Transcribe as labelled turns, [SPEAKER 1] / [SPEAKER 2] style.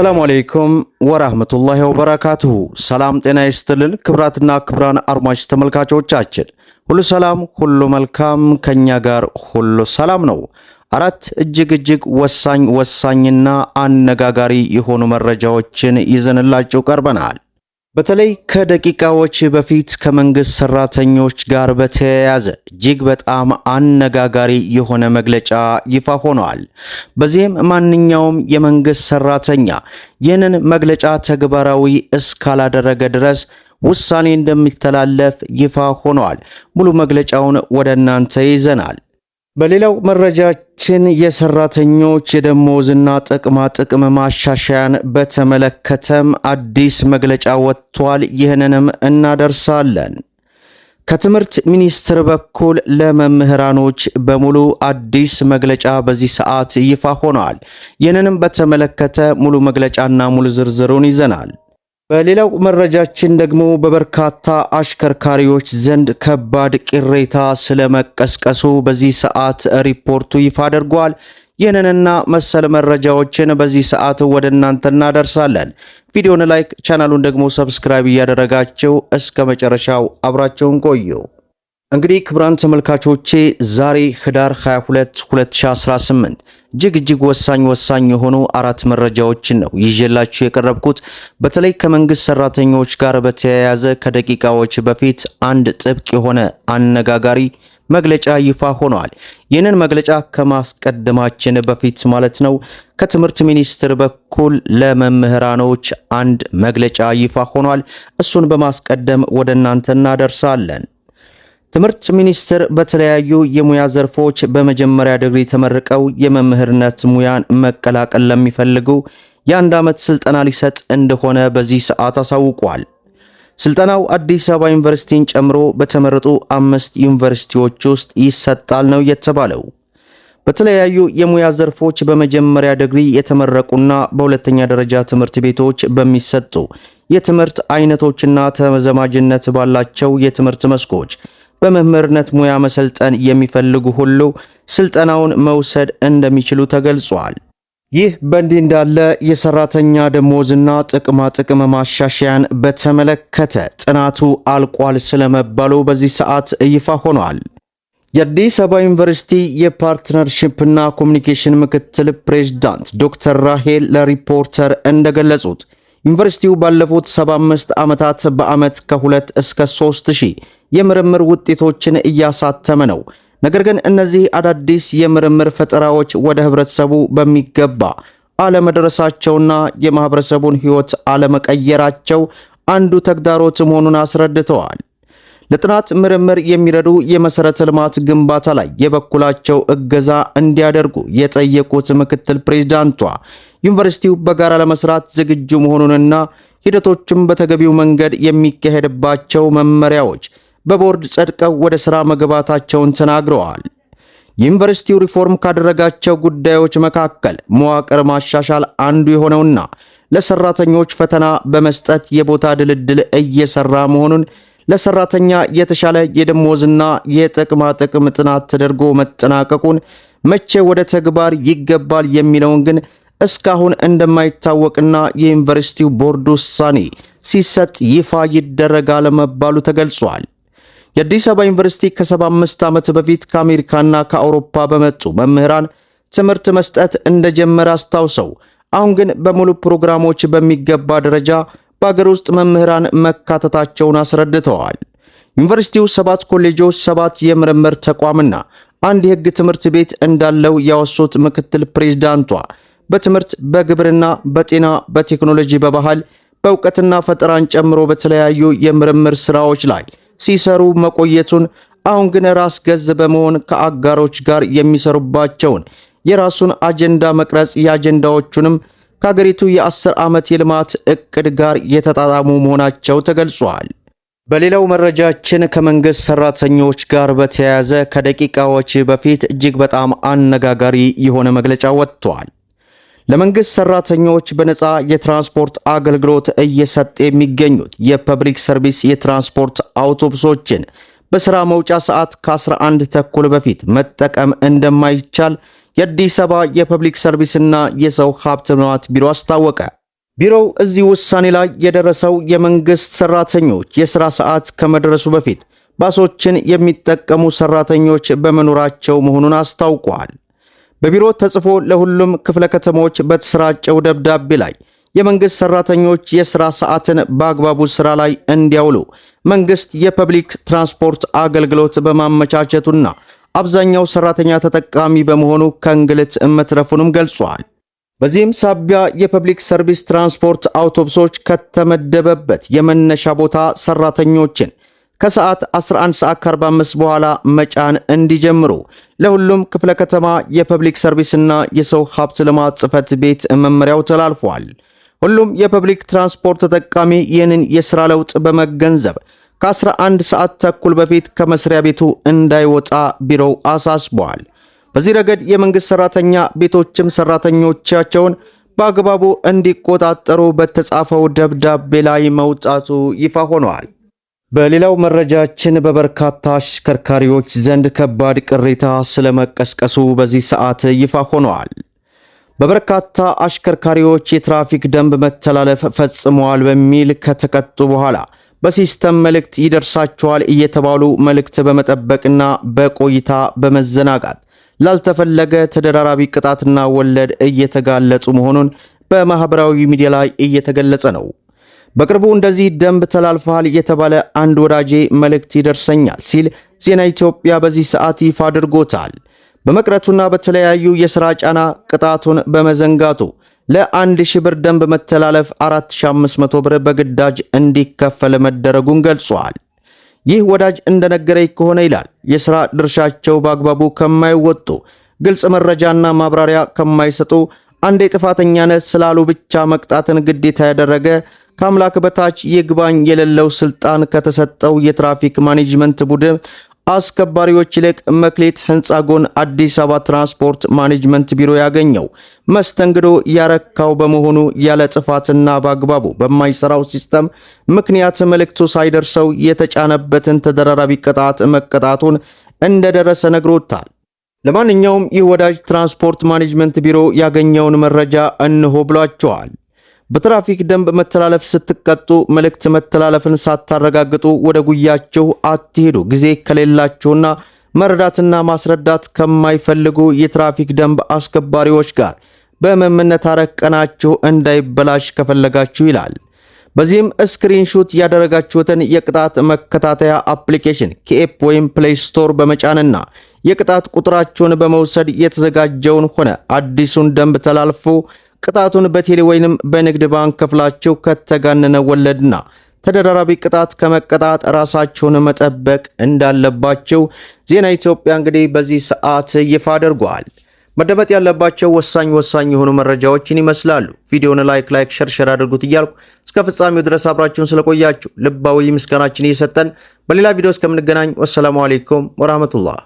[SPEAKER 1] አሰላሙ አሌይኩም ወራህመቱላሂ ወበረካቱሁ። ሰላም ጤና ይስጥልን። ክብራትና ክብራን አድማጭ ተመልካቾቻችን ሁሉ ሰላም፣ ሁሉ መልካም፣ ከኛ ጋር ሁሉ ሰላም ነው። አራት እጅግ እጅግ ወሳኝ ወሳኝና አነጋጋሪ የሆኑ መረጃዎችን ይዘንላችሁ ቀርበናል። በተለይ ከደቂቃዎች በፊት ከመንግስት ሰራተኞች ጋር በተያያዘ እጅግ በጣም አነጋጋሪ የሆነ መግለጫ ይፋ ሆኗል። በዚህም ማንኛውም የመንግስት ሰራተኛ ይህንን መግለጫ ተግባራዊ እስካላደረገ ድረስ ውሳኔ እንደሚተላለፍ ይፋ ሆኗል። ሙሉ መግለጫውን ወደ እናንተ ይዘናል። በሌላው መረጃችን የሰራተኞች የደሞዝና ጥቅማ ጥቅም ማሻሻያን በተመለከተም አዲስ መግለጫ ወጥቷል። ይህንንም እናደርሳለን። ከትምህርት ሚኒስቴር በኩል ለመምህራኖች በሙሉ አዲስ መግለጫ በዚህ ሰዓት ይፋ ሆኗል። ይህንንም በተመለከተ ሙሉ መግለጫና ሙሉ ዝርዝሩን ይዘናል። በሌላው መረጃችን ደግሞ በበርካታ አሽከርካሪዎች ዘንድ ከባድ ቅሬታ ስለመቀስቀሱ በዚህ ሰዓት ሪፖርቱ ይፋ አድርጓል። ይህንንና መሰል መረጃዎችን በዚህ ሰዓት ወደ እናንተ እናደርሳለን። ቪዲዮን ላይክ፣ ቻናሉን ደግሞ ሰብስክራይብ እያደረጋችሁ እስከ መጨረሻው አብራቸውን ቆዩ። እንግዲህ ክቡራን ተመልካቾቼ ዛሬ ህዳር 22 2018 እጅግ እጅግ ወሳኝ ወሳኝ የሆኑ አራት መረጃዎችን ነው ይዤላችሁ የቀረብኩት። በተለይ ከመንግስት ሰራተኞች ጋር በተያያዘ ከደቂቃዎች በፊት አንድ ጥብቅ የሆነ አነጋጋሪ መግለጫ ይፋ ሆኗል። ይህንን መግለጫ ከማስቀደማችን በፊት ማለት ነው ከትምህርት ሚኒስቴር በኩል ለመምህራኖች አንድ መግለጫ ይፋ ሆኗል። እሱን በማስቀደም ወደ እናንተ እናደርሳለን። ትምህርት ሚኒስቴር በተለያዩ የሙያ ዘርፎች በመጀመሪያ ዲግሪ ተመርቀው የመምህርነት ሙያን መቀላቀል ለሚፈልጉ የአንድ ዓመት ስልጠና ሊሰጥ እንደሆነ በዚህ ሰዓት አሳውቋል። ስልጠናው አዲስ አበባ ዩኒቨርሲቲን ጨምሮ በተመረጡ አምስት ዩኒቨርሲቲዎች ውስጥ ይሰጣል ነው የተባለው። በተለያዩ የሙያ ዘርፎች በመጀመሪያ ዲግሪ የተመረቁና በሁለተኛ ደረጃ ትምህርት ቤቶች በሚሰጡ የትምህርት አይነቶችና ተመዘማጅነት ባላቸው የትምህርት መስኮች በመምህርነት ሙያ መሰልጠን የሚፈልጉ ሁሉ ስልጠናውን መውሰድ እንደሚችሉ ተገልጿል። ይህ በእንዲህ እንዳለ የሰራተኛ ደሞዝና ጥቅማ ጥቅም ማሻሻያን በተመለከተ ጥናቱ አልቋል ስለመባሉ በዚህ ሰዓት ይፋ ሆኗል። የአዲስ አበባ ዩኒቨርሲቲ የፓርትነርሽፕና ኮሚኒኬሽን ምክትል ፕሬዝዳንት ዶክተር ራሄል ለሪፖርተር እንደገለጹት ዩኒቨርሲቲው ባለፉት 75 ዓመታት በዓመት ከ2 እስከ 3 ሺህ የምርምር ውጤቶችን እያሳተመ ነው። ነገር ግን እነዚህ አዳዲስ የምርምር ፈጠራዎች ወደ ህብረተሰቡ በሚገባ አለመድረሳቸውና የማህበረሰቡን ህይወት አለመቀየራቸው አንዱ ተግዳሮት መሆኑን አስረድተዋል። ለጥናት ምርምር የሚረዱ የመሰረተ ልማት ግንባታ ላይ የበኩላቸው እገዛ እንዲያደርጉ የጠየቁት ምክትል ፕሬዚዳንቷ። ዩኒቨርሲቲው በጋራ ለመስራት ዝግጁ መሆኑንና ሂደቶቹም በተገቢው መንገድ የሚካሄድባቸው መመሪያዎች በቦርድ ጸድቀው ወደ ሥራ መግባታቸውን ተናግረዋል። ዩኒቨርሲቲው ሪፎርም ካደረጋቸው ጉዳዮች መካከል መዋቅር ማሻሻል አንዱ የሆነውና ለሰራተኞች ፈተና በመስጠት የቦታ ድልድል እየሰራ መሆኑን ለሰራተኛ የተሻለ የደሞዝና የጥቅማ ጥቅም ጥናት ተደርጎ መጠናቀቁን መቼ ወደ ተግባር ይገባል የሚለውን ግን እስካሁን እንደማይታወቅና የዩኒቨርሲቲው ቦርድ ውሳኔ ሲሰጥ ይፋ ይደረጋል መባሉ ተገልጿል። የአዲስ አበባ ዩኒቨርሲቲ ከ75 ዓመት በፊት ከአሜሪካና ከአውሮፓ በመጡ መምህራን ትምህርት መስጠት እንደጀመረ አስታውሰው አሁን ግን በሙሉ ፕሮግራሞች በሚገባ ደረጃ በአገር ውስጥ መምህራን መካተታቸውን አስረድተዋል። ዩኒቨርሲቲው ሰባት ኮሌጆች፣ ሰባት የምርምር ተቋምና አንድ የሕግ ትምህርት ቤት እንዳለው ያወሱት ምክትል ፕሬዝዳንቷ በትምህርት፣ በግብርና፣ በጤና፣ በቴክኖሎጂ፣ በባህል፣ በእውቀትና ፈጠራን ጨምሮ በተለያዩ የምርምር ስራዎች ላይ ሲሰሩ መቆየቱን አሁን ግን ራስ ገዝ በመሆን ከአጋሮች ጋር የሚሰሩባቸውን የራሱን አጀንዳ መቅረጽ የአጀንዳዎቹንም ከአገሪቱ የአስር ዓመት የልማት እቅድ ጋር የተጣጣሙ መሆናቸው ተገልጿል። በሌላው መረጃችን ከመንግሥት ሠራተኞች ጋር በተያያዘ ከደቂቃዎች በፊት እጅግ በጣም አነጋጋሪ የሆነ መግለጫ ወጥቷል። ለመንግስት ሰራተኞች በነፃ የትራንስፖርት አገልግሎት እየሰጠ የሚገኙት የፐብሊክ ሰርቪስ የትራንስፖርት አውቶቡሶችን በስራ መውጫ ሰዓት ከ11 ተኩል በፊት መጠቀም እንደማይቻል የአዲስ አበባ የፐብሊክ ሰርቪስና የሰው ሀብት ልማት ቢሮ አስታወቀ። ቢሮው እዚህ ውሳኔ ላይ የደረሰው የመንግስት ሰራተኞች የስራ ሰዓት ከመድረሱ በፊት ባሶችን የሚጠቀሙ ሰራተኞች በመኖራቸው መሆኑን አስታውቋል። በቢሮ ተጽፎ ለሁሉም ክፍለ ከተሞች በተሰራጨው ደብዳቤ ላይ የመንግስት ሰራተኞች የስራ ሰዓትን በአግባቡ ስራ ላይ እንዲያውሉ መንግስት የፐብሊክ ትራንስፖርት አገልግሎት በማመቻቸቱና አብዛኛው ሰራተኛ ተጠቃሚ በመሆኑ ከእንግልት መትረፉንም ገልጿል። በዚህም ሳቢያ የፐብሊክ ሰርቪስ ትራንስፖርት አውቶቡሶች ከተመደበበት የመነሻ ቦታ ሰራተኞችን ከሰዓት 11 ሰዓት 45 በኋላ መጫን እንዲጀምሩ ለሁሉም ክፍለ ከተማ የፐብሊክ ሰርቪስና የሰው ሀብት ልማት ጽህፈት ቤት መመሪያው ተላልፏል። ሁሉም የፐብሊክ ትራንስፖርት ተጠቃሚ ይህንን የሥራ ለውጥ በመገንዘብ ከ11 ሰዓት ተኩል በፊት ከመስሪያ ቤቱ እንዳይወጣ ቢሮው አሳስቧል። በዚህ ረገድ የመንግሥት ሠራተኛ ቤቶችም ሠራተኞቻቸውን በአግባቡ እንዲቆጣጠሩ በተጻፈው ደብዳቤ ላይ መውጣቱ ይፋ ሆኗል። በሌላው መረጃችን በበርካታ አሽከርካሪዎች ዘንድ ከባድ ቅሬታ ስለመቀስቀሱ በዚህ ሰዓት ይፋ ሆነዋል። በበርካታ አሽከርካሪዎች የትራፊክ ደንብ መተላለፍ ፈጽመዋል በሚል ከተቀጡ በኋላ በሲስተም መልእክት ይደርሳቸዋል እየተባሉ መልእክት በመጠበቅና በቆይታ በመዘናጋት ላልተፈለገ ተደራራቢ ቅጣትና ወለድ እየተጋለጹ መሆኑን በማኅበራዊ ሚዲያ ላይ እየተገለጸ ነው። በቅርቡ እንደዚህ ደንብ ተላልፈሃል የተባለ አንድ ወዳጄ መልእክት ይደርሰኛል ሲል ዜና ኢትዮጵያ በዚህ ሰዓት ይፋ አድርጎታል። በመቅረቱና በተለያዩ የሥራ ጫና ቅጣቱን በመዘንጋቱ ለአንድ ሺህ ብር ደንብ መተላለፍ 4500 ብር በግዳጅ እንዲከፈል መደረጉን ገልጿል። ይህ ወዳጅ እንደነገረኝ ከሆነ ይላል የሥራ ድርሻቸው በአግባቡ ከማይወጡ ግልጽ መረጃና ማብራሪያ ከማይሰጡ አንዴ ጥፋተኛነት ስላሉ ብቻ መቅጣትን ግዴታ ያደረገ ከአምላክ በታች ይግባኝ የሌለው ስልጣን ከተሰጠው የትራፊክ ማኔጅመንት ቡድን አስከባሪዎች ይልቅ መክሌት ህንፃ ጎን አዲስ አበባ ትራንስፖርት ማኔጅመንት ቢሮ ያገኘው መስተንግዶ ያረካው በመሆኑ ያለ ጥፋትና በአግባቡ በማይሰራው ሲስተም ምክንያት መልእክቱ ሳይደርሰው የተጫነበትን ተደራራቢ ቅጣት መቀጣቱን እንደደረሰ ነግሮታል። ለማንኛውም ይህ ወዳጅ ትራንስፖርት ማኔጅመንት ቢሮ ያገኘውን መረጃ እንሆ ብሏቸዋል። በትራፊክ ደንብ መተላለፍ ስትቀጡ መልእክት መተላለፍን ሳታረጋግጡ ወደ ጉያችሁ አትሄዱ። ጊዜ ከሌላችሁና መረዳትና ማስረዳት ከማይፈልጉ የትራፊክ ደንብ አስከባሪዎች ጋር በመምነት አረቀናችሁ እንዳይበላሽ ከፈለጋችሁ ይላል። በዚህም ስክሪንሹት ያደረጋችሁትን የቅጣት መከታተያ አፕሊኬሽን ከኤፕ ወይም ፕሌይ ስቶር በመጫንና የቅጣት ቁጥራችሁን በመውሰድ የተዘጋጀውን ሆነ አዲሱን ደንብ ተላልፎ ቅጣቱን በቴሌ ወይንም በንግድ ባንክ ከፍላችሁ ከተጋነነ ወለድና ተደራራቢ ቅጣት ከመቀጣት ራሳችሁን መጠበቅ እንዳለባቸው ዜና ኢትዮጵያ እንግዲህ በዚህ ሰዓት ይፋ አድርጓል። መደመጥ ያለባቸው ወሳኝ ወሳኝ የሆኑ መረጃዎችን ይመስላሉ። ቪዲዮውን ላይክ ላይክ ሸር ሸር አድርጉት እያልኩ እስከ ፍጻሜው ድረስ አብራችሁን ስለቆያችሁ ልባዊ ምስጋናችን እየሰጠን በሌላ ቪዲዮ እስከምንገናኝ ወሰላሙ አሌይኩም ወራህመቱላህ